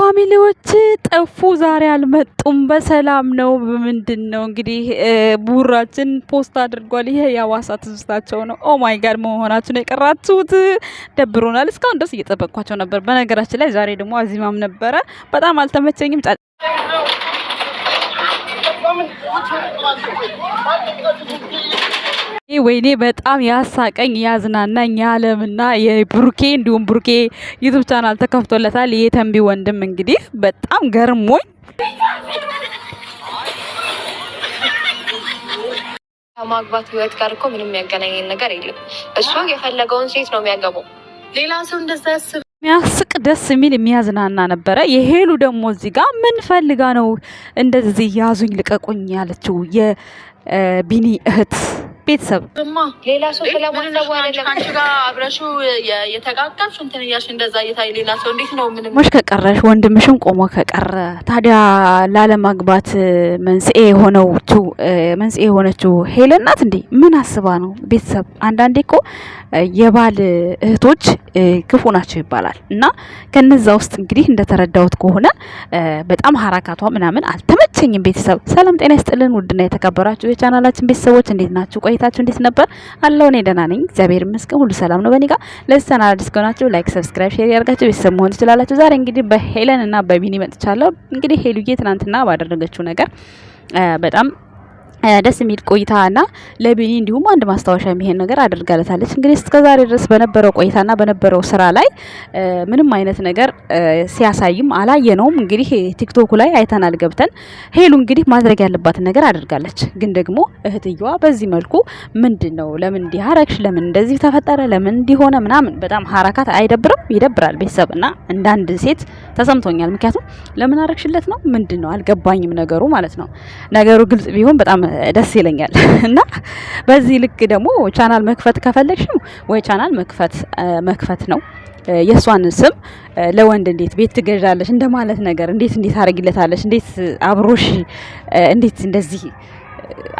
ፋሚሊዎች ጠፉ፣ ዛሬ አልመጡም። በሰላም ነው። ምንድን ነው እንግዲህ ቡራችን ፖስት አድርጓል። ይሄ የአዋሳ ትዝታቸው ነው። ኦ ማይ ጋድ መሆናችሁ የቀራችሁት። ደብሮናል። እስካሁን ድረስ እየጠበቅኳቸው ነበር። በነገራችን ላይ ዛሬ ደግሞ አዚማም ነበረ። በጣም አልተመቸኝም። ጫ ወይኔ በጣም ያሳቀኝ ያዝናናኝ የአለምና የብሩኬ እንዲሁም ብሩኬ ዩቱብ ቻናል ተከፍቶለታል። የተንቢ ወንድም እንግዲህ በጣም ገርሞኝ ከማግባት ህይወት ጋር እኮ ምንም የሚያገናኝን ነገር የለም። እሱ የፈለገውን ሴት ነው የሚያገባው። ሌላ ሰው እንደዛ ያስብ የሚያስቅ ደስ የሚል የሚያዝናና ነበረ። የሄሉ ደግሞ እዚህ ጋር ምን ፈልጋ ነው እንደዚህ ያዙኝ ልቀቁኝ ያለችው የቢኒ እህት ቤተሰብ ሌላ ሰው ስለማሰቡ አብረሽው የተቃቀምሽ እንትን እያልሽ እንደዛ እየታይ ሌላ ሰው እንዴት ነው? ምንም ሞሽ ከቀረሽ ወንድምሽም ቆሞ ከቀረ ታዲያ ላለማግባት መንስኤ የሆነችው መንስኤ የሆነችው ሄለን ናት እንዴ? ምን አስባ ነው? ቤተሰብ አንዳንዴ እኮ የባል እህቶች ክፉ ናቸው ይባላል እና ከነዛ ውስጥ እንግዲህ እንደተረዳሁት ከሆነ በጣም ሀራካቷ ምናምን አልተመቸኝም። ቤተሰብ ሰላም ጤና ይስጥልን። ውድና የተከበራችሁ የቻናላችን ቤተሰቦች እንዴት ናችሁ? ቆይ ቆይታችሁ እንዴት ነበር? አለው እኔ ደህና ነኝ፣ እግዚአብሔር ይመስገን፣ ሁሉ ሰላም ነው በእኔ ጋር። ለሰናል አዲስ ከሆናችሁ ላይክ፣ ሰብስክራይብ፣ ሼር ያደርጋችሁ ቤተሰብ መሆን ትችላላችሁ። ዛሬ እንግዲህ በሄለን እና በቢኒ መጥቻለሁ። እንግዲህ ሄሉዬ ትናንትና ባደረገችው ነገር በጣም ደስ የሚል ቆይታና ለቢኒ እንዲሁም አንድ ማስታወሻ የሚሄን ነገር አድርጋለታለች። እንግዲህ ዛሬ ድረስ በነበረው ቆይታና በነበረው ስራ ላይ ምንም አይነት ነገር ሲያሳይም አላየነውም። እንግዲህ ቲክቶኩ ላይ አይተናል ገብተን። ሄሉ እንግዲህ ማድረግ ያለባትን ነገር አድርጋለች። ግን ደግሞ እህትየዋ በዚህ መልኩ ምንድን ነው ለምን እንዲህ አረግሽ? ለምን እንደዚህ ተፈጠረ? ለምን እንዲሆነ ምናምን በጣም ሀራካት አይደብርም? ይደብራል። ቤተሰብና እንዳንድ ሴት ተሰምቶኛል። ምክንያቱም ለምን አረግሽለት ነው ምንድን ነው አልገባኝም ነገሩ ማለት ነው። ነገሩ ግልጽ ቢሆን በጣም ደስ ይለኛል። እና በዚህ ልክ ደግሞ ቻናል መክፈት ከፈለግሽም ወይ ቻናል መክፈት መክፈት ነው የእሷን ስም ለወንድ እንዴት ቤት ትገዣለሽ እንደማለት ነገር እንዴት እንዴት አረግለታለሽ እንዴት አብሮሽ እንዴት እንደዚህ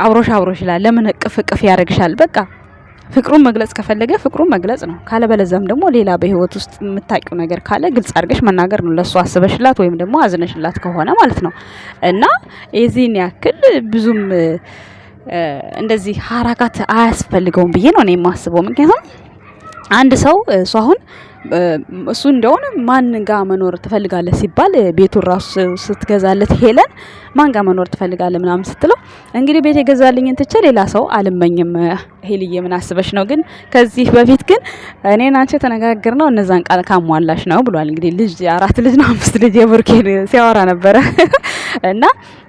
አብሮሽ አብሮሽ ይላል። ለምን እቅፍ እቅፍ ያደርግሻል በቃ ፍቅሩን መግለጽ ከፈለገ ፍቅሩን መግለጽ ነው። ካለበለዛም ደግሞ ሌላ በህይወት ውስጥ የምታውቂው ነገር ካለ ግልጽ አድርገሽ መናገር ነው። ለእሱ አስበሽላት ወይም ደግሞ አዝነሽላት ከሆነ ማለት ነው። እና የዚህን ያክል ብዙም እንደዚህ ሀራካት አያስፈልገውም ብዬ ነው እኔ የማስበው። ምክንያቱም አንድ ሰው እሱ አሁን እሱ እንደሆነ ማን ጋ መኖር ትፈልጋለህ ሲባል ቤቱን ራሱ ስትገዛለት ሄለን ማን ጋ መኖር ትፈልጋለህ ምናምን ስትለው እንግዲህ ቤት የገዛልኝን ትቼ ሌላ ሰው አልመኝም ሄልዬ ምን አስበሽ ነው? ግን ከዚህ በፊት ግን እኔን አንቺ ተነጋግር ነው እነዛን ቃል ካሟላሽ ነው ብሏል። እንግዲህ ልጅ አራት ልጅ ነው አምስት ልጅ የቡርኬን ሲያወራ ነበረ እና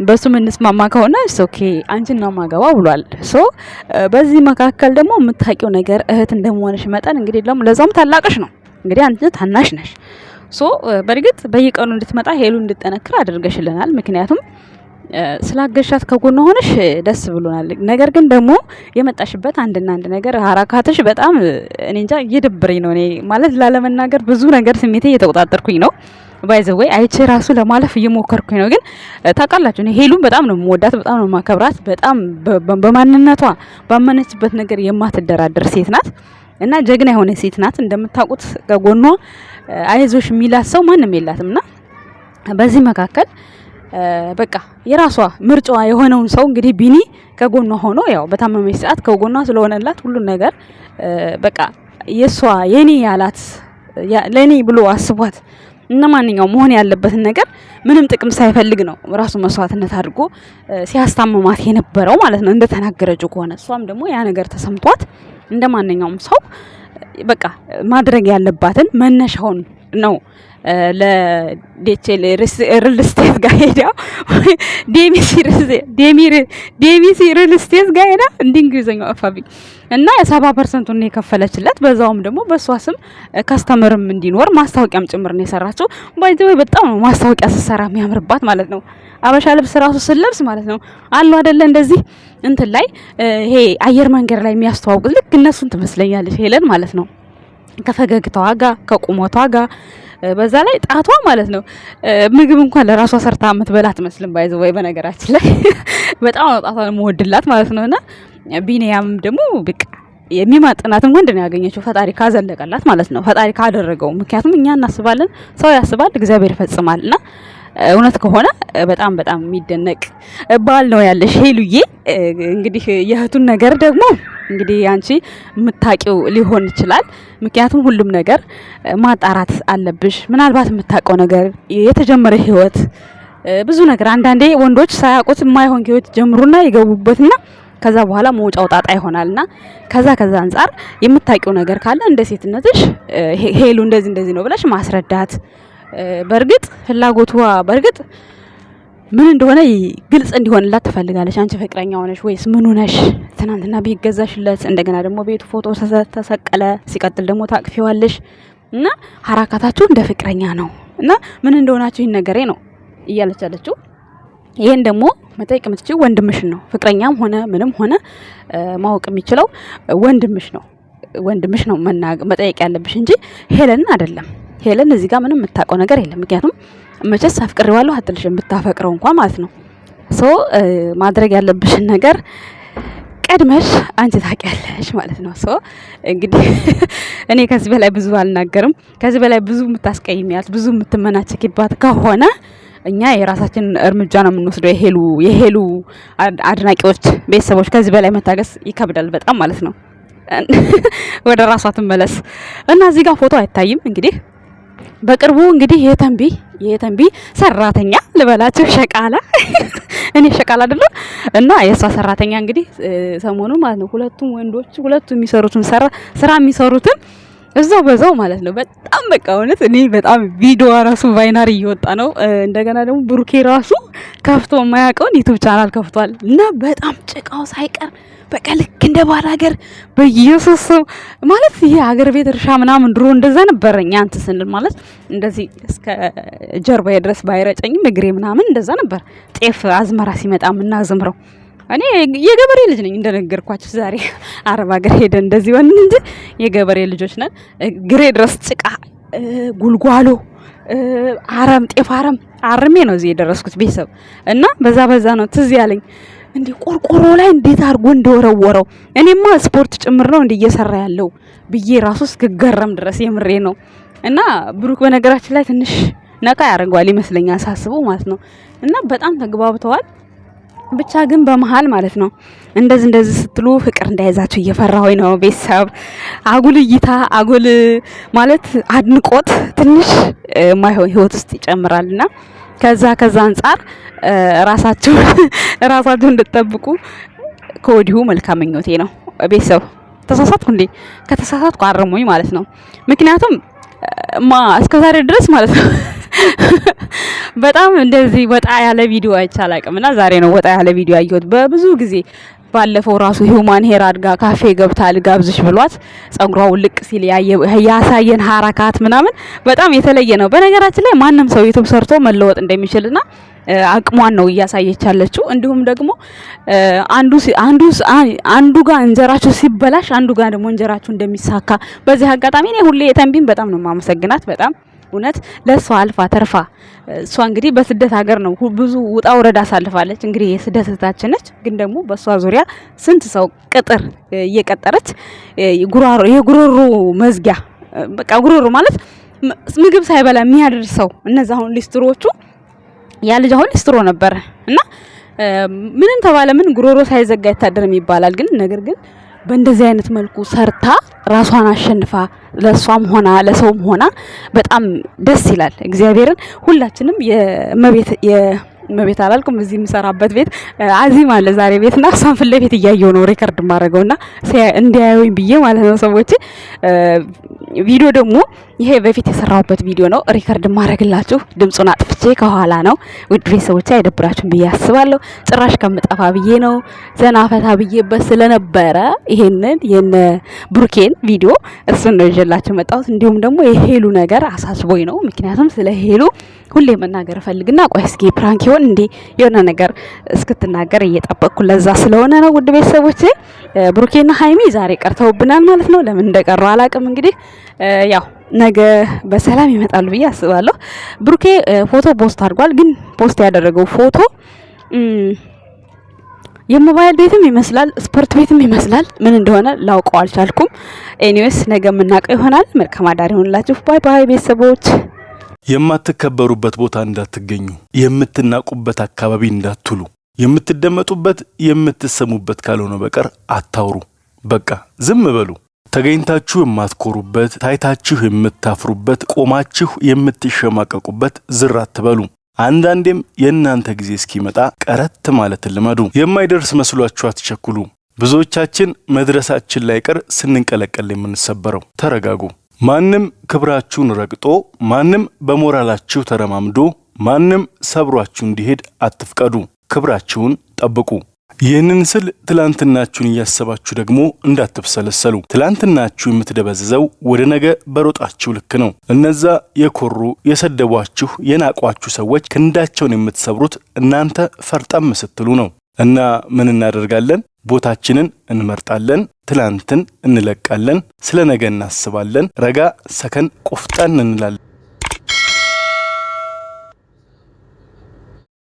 በሱ የምንስማማ ከሆነ ኦኬ አንቺ ነው ማገባ ብሏል። ሶ በዚህ መካከል ደግሞ የምታውቂው ነገር እህት እንደመሆንሽ መጠን እንግዲህ ለዛውም ታላቅሽ ነው እንግዲህ አንቺ ታናሽ ነሽ። ሶ በእርግጥ በየቀኑ እንድትመጣ ሄሉ እንድጠነክር አድርገሽልናል። ምክንያቱም ስላገሻት ከጎን ሆነሽ ደስ ብሎናል። ነገር ግን ደግሞ የመጣሽበት አንድና አንድ ነገር ሀራካትሽ በጣም እኔ እንጃ እየደብረኝ ነው። እኔ ማለት ላለመናገር ብዙ ነገር ስሜቴ እየተቆጣጠርኩኝ ነው። ባይዘወይ አይቼ ራሱ ለማለፍ እየሞከርኩኝ ነው። ግን ታውቃላችሁ እኔ ሄሉን በጣም ነው የምወዳት፣ በጣም ነው የማከብራት። በጣም በማንነቷ ባመነችበት ነገር የማትደራደር ሴት ናት። እና ጀግና የሆነ ሴት ናት። እንደምታውቁት ከጎኗ አይዞሽ የሚላት ሰው ማንም የላትም። እና በዚህ መካከል በቃ የራሷ ምርጫዋ የሆነውን ሰው እንግዲህ ቢኒ ከጎኗ ሆኖ ያው በታመመች ሰዓት ከጎኗ ስለሆነላት ሁሉን ነገር በቃ የሷ የኔ ያላት ለኔ ብሎ አስቧት እና ማንኛውም መሆን ያለበትን ነገር ምንም ጥቅም ሳይፈልግ ነው ራሱ መስዋዕትነት አድርጎ ሲያስታምማት የነበረው ማለት ነው እንደተናገረችው ከሆነ እሷም ደግሞ ያ ነገር ተሰምቷት እንደ ማንኛውም ሰው በቃ ማድረግ ያለባትን መነሻውን ነው ለዴቼል ሪል ስቴት ጋር ሄዳ ዴሚሲ ሪል ስቴት ጋር ሄዳ እንዲ እንግሊዝኛው አፋቢ እና ሰባ ፐርሰንቱን የከፈለችለት በዛውም ደግሞ በእሷ ስም ከስተምርም እንዲኖር ማስታወቂያም ጭምር ነው የሰራችው። ባይዘወይ በጣም ነው ማስታወቂያ ስትሰራ የሚያምርባት ማለት ነው። አበሻ ልብስ ራሱ ስለብስ ማለት ነው አሉ አይደለ እንደዚህ እንትን ላይ ይሄ አየር መንገድ ላይ የሚያስተዋውቁት ልክ እነሱን ትመስለኛለች ሄለን ማለት ነው ከፈገግታዋ ጋር ከቁመቷ ጋር በዛ ላይ ጣቷ ማለት ነው ምግብ እንኳን ለራሷ ሰርታ የምትበላ አትመስልም። ባይዘ ወይ በነገራችን ላይ በጣም ነው ጣቷን የምወድላት ማለት ነው። እና ቢኒያም ደግሞ ብቅ የሚማጥናትም ወንድ ነው ያገኘችው፣ ፈጣሪ ካዘለቀላት ማለት ነው፣ ፈጣሪ ካደረገው። ምክንያቱም እኛ እናስባለን፣ ሰው ያስባል፣ እግዚአብሔር ይፈጽማል። እና እውነት ከሆነ በጣም በጣም የሚደነቅ ባል ነው ያለሽ ሄሉዬ። እንግዲህ የእህቱን ነገር ደግሞ እንግዲህ አንቺ የምታቂው ሊሆን ይችላል። ምክንያቱም ሁሉም ነገር ማጣራት አለብሽ። ምናልባት የምታውቀው ነገር የተጀመረ ህይወት ብዙ ነገር አንዳንዴ ወንዶች ሳያውቁት የማይሆን ህይወት ጀምሩና ይገቡበትና ከዛ በኋላ መውጫው ጣጣ ይሆናልና ከዛ ከዛ አንጻር የምታውቂው ነገር ካለ እንደ ሴትነትሽ ሄሉ እንደዚህ እንደዚህ ነው ብለሽ ማስረዳት። በእርግጥ ፍላጎቷ በእርግጥ ምን እንደሆነ ግልጽ እንዲሆንላት ትፈልጋለች። አንቺ ፍቅረኛ ሆነሽ ወይስ ምን ሆነሽ? ትናንትና ቤት ገዛሽለት፣ እንደገና ደግሞ ቤቱ ፎቶ ተሰቀለ፣ ሲቀጥል ደግሞ ታቅፊዋለሽ እና ሀራካታችሁ እንደ ፍቅረኛ ነው እና ምን እንደሆናችሁ ይህን ነገሬ ነው እያለች ያለችው። ይህን ደግሞ መጠየቅ የምትችል ወንድምሽን ነው። ፍቅረኛም ሆነ ምንም ሆነ ማወቅ የሚችለው ወንድምሽ ነው። ወንድምሽ ነው መጠየቅ ያለብሽ እንጂ ሄለን አይደለም። ሄለን እዚህ ጋር ምንም የምታውቀው ነገር የለም ምክንያቱም መቼስ አፍቅሬዋለሁ አትልሽም፣ ብታፈቅረው እንኳ ማለት ነው። ሶ ማድረግ ያለብሽን ነገር ቀድመሽ አንቺ ታውቂያለሽ ማለት ነው። ሶ እንግዲህ እኔ ከዚህ በላይ ብዙ አልናገርም። ከዚህ በላይ ብዙ የምታስቀይሚያት ብዙ የምትመናቸኪባት ከሆነ እኛ የራሳችንን እርምጃ ነው የምንወስደው። የሄሉ የሄሉ አድናቂዎች ቤተሰቦች፣ ከዚህ በላይ መታገስ ይከብዳል በጣም ማለት ነው። ወደ ራሷ ትመለስ እና እዚህ ጋር ፎቶ አይታይም እንግዲህ በቅርቡ እንግዲህ የተንቢ የተንቢ ሰራተኛ ልበላችሁ ሸቃላ እኔ ሸቃላ አይደለም እና የእሷ ሰራተኛ እንግዲህ ሰሞኑ ማለት ነው ሁለቱም ወንዶች ሁለቱም የሚሰሩትን ስራ የሚሰሩትን እዛው በዛው ማለት ነው። በጣም በቃ እውነት እኔ በጣም ቪዲዮ ራሱ ቫይናር እየወጣ ነው። እንደገና ደግሞ ብሩኬ ራሱ ከፍቶ የማያውቀውን ዩቱብ ቻናል ከፍቷል እና በጣም ጭቃው ሳይቀር በቃ ልክ እንደ ባል ሀገር በኢየሱስ ማለት ይሄ ሀገር ቤት እርሻ ምናምን ድሮ እንደዛ ነበረ። እኛ እንትን ስንል ማለት እንደዚህ እስከ ጀርባዬ ድረስ ባይረጨኝም እግሬ ምናምን እንደዛ ነበር ጤፍ አዝመራ ሲመጣ የምናዝምረው እኔ የገበሬ ልጅ ነኝ እንደነገርኳችሁ። ዛሬ አረብ ሀገር ሄደን እንደዚህ ሆን እንጂ የገበሬ ልጆች ነን። ግሬ ድረስ ጭቃ ጉልጓሎ አረም ጤፍ አረም አርሜ ነው እዚህ የደረስኩት ቤተሰብ እና በዛ በዛ ነው ትዝ ያለኝ። እንዲህ ቆርቆሮ ላይ እንዴት አድርጎ እንደወረወረው እኔማ ስፖርት ጭምር ነው እንዲ እየሰራ ያለው ብዬ ራሱ እስክገረም ድረስ የምሬ ነው። እና ብሩክ በነገራችን ላይ ትንሽ ነቃ ያደርገዋል ይመስለኛል ሳስበው ማለት ነው። እና በጣም ተግባብተዋል። ብቻ ግን በመሀል ማለት ነው እንደዚህ እንደዚህ ስትሉ ፍቅር እንዳይዛችሁ እየፈራ ነው ቤተሰብ አጉል እይታ አጉል ማለት አድንቆት ትንሽ ማይሆን ህይወት ውስጥ ይጨምራል ይጨምራልና ከዛ ከዛ አንጻር ራሳችሁ ራሳችሁ እንድትጠብቁ ከወዲሁ መልካም ምኞቴ ነው። ቤተሰብ ተሳሳትኩ እንዴ? ከተሳሳትኩ አርሙኝ ማለት ነው። ምክንያቱም ማ እስከዛሬ ድረስ ማለት ነው በጣም እንደዚህ ወጣ ያለ ቪዲዮ አይቼ አላቅም እና ዛሬ ነው ወጣ ያለ ቪዲዮ ያየሁት። በብዙ ጊዜ ባለፈው ራሱ ሂውማን ሄር አድጋ ካፌ ገብታ ልጋብዝሽ ብሏት ጸጉሯ ውልቅ ሲል ያሳየን ሀረካት ምናምን በጣም የተለየ ነው። በነገራችን ላይ ማንም ሰው ዩቱብ ሰርቶ መለወጥ እንደሚችልና አቅሟን ነው እያሳየች ያለችው። እንዲሁም ደግሞ አንዱ አንዱ አንዱ ጋር እንጀራችሁ ሲበላሽ አንዱ ጋር ደግሞ እንጀራችሁ እንደሚሳካ በዚህ አጋጣሚ እኔ ሁሌ የተንቢን በጣም ነው ማመሰግናት በጣም እውነት ለእሷ አልፋ ተርፋ እሷ እንግዲህ በስደት ሀገር ነው ብዙ ውጣ ውረድ አሳልፋለች። እንግዲህ የስደት እህታችን ነች፣ ግን ደግሞ በእሷ ዙሪያ ስንት ሰው ቅጥር እየቀጠረች የጉሮሮ መዝጊያ በቃ ጉሮሮ ማለት ምግብ ሳይበላ የሚያድር ሰው እነዚ አሁን ሊስትሮቹ ያ ልጅ አሁን ሊስትሮ ነበረ እና ምንም ተባለ ምን ጉሮሮ ሳይዘጋ አይታደርም ይባላል። ግን ነገር ግን በእንደዚህ አይነት መልኩ ሰርታ ራሷን አሸንፋ ለእሷም ሆና ለሰውም ሆና በጣም ደስ ይላል። እግዚአብሔርን ሁላችንም የመቤት ቤት አላልኩም። እዚህ የምሰራበት ቤት አዚም አለ ዛሬ ቤት እና እሷን ፊት ለፊት እያየው ነው ሪከርድ የማደርገው እና እንዲያዩኝ ብዬ ማለት ነው ሰዎች። ቪዲዮ ደግሞ ይሄ በፊት የሰራሁበት ቪዲዮ ነው ሪከርድ የማደርግላችሁ። ድምፁን አጥፍቼ ከኋላ ነው ውድ ቤት ሰዎች አይደብራችሁም ብዬ አስባለሁ። ጭራሽ ከምጠፋ ብዬ ነው ዘናፈታ ፈታ ብዬበት ስለነበረ ይሄንን የነ ብሩኬን ቪዲዮ እሱን ነው ይዤላችሁ መጣሁት። እንዲሁም ደግሞ የሄሉ ነገር አሳስቦኝ ነው። ምክንያቱም ስለ ሄሉ ሁሌ መናገር እፈልግና ቆይ እስኪ ፕራንክ ይሆን እንዴ የሆነ ነገር እስክትናገር እየጠበቅኩ ለዛ ስለሆነ ነው። ውድ ቤተሰቦቼ ብሩኬና ሀይሚ ዛሬ ቀርተውብናል ማለት ነው። ለምን እንደቀሩ አላቅም። እንግዲህ ያው ነገ በሰላም ይመጣሉ ብዬ አስባለሁ። ብሩኬ ፎቶ ፖስት አድርጓል። ግን ፖስት ያደረገው ፎቶ የሞባይል ቤትም ይመስላል ስፖርት ቤትም ይመስላል። ምን እንደሆነ ላውቀው አልቻልኩም። ኤኒዌስ ነገ የምናውቀው ይሆናል። መልካም አዳር ይሆንላችሁ። ባይ ባይ ቤተሰቦች። የማትከበሩበት ቦታ እንዳትገኙ፣ የምትናቁበት አካባቢ እንዳትሉ፣ የምትደመጡበት የምትሰሙበት ካልሆነ በቀር አታውሩ። በቃ ዝም በሉ። ተገኝታችሁ የማትኮሩበት፣ ታይታችሁ የምታፍሩበት፣ ቆማችሁ የምትሸማቀቁበት ዝር አትበሉ። አንዳንዴም የእናንተ ጊዜ እስኪመጣ ቀረት ማለትን ልመዱ። የማይደርስ መስሏችሁ አትቸኩሉ። ብዙዎቻችን መድረሳችን ላይ ቀር ስንንቀለቀል የምንሰበረው። ተረጋጉ። ማንም ክብራችሁን ረግጦ ማንም በሞራላችሁ ተረማምዶ ማንም ሰብሯችሁ እንዲሄድ አትፍቀዱ። ክብራችሁን ጠብቁ። ይህንን ስል ትላንትናችሁን እያሰባችሁ ደግሞ እንዳትብሰለሰሉ። ትላንትናችሁ የምትደበዝዘው ወደ ነገ በሮጣችሁ ልክ ነው። እነዛ የኮሩ የሰደቧችሁ፣ የናቋችሁ ሰዎች ክንዳቸውን የምትሰብሩት እናንተ ፈርጠም ስትሉ ነው። እና ምን እናደርጋለን? ቦታችንን እንመርጣለን። ትላንትን እንለቃለን፣ ስለ ነገ እናስባለን። ረጋ ሰከን ቆፍጠን እንላለን።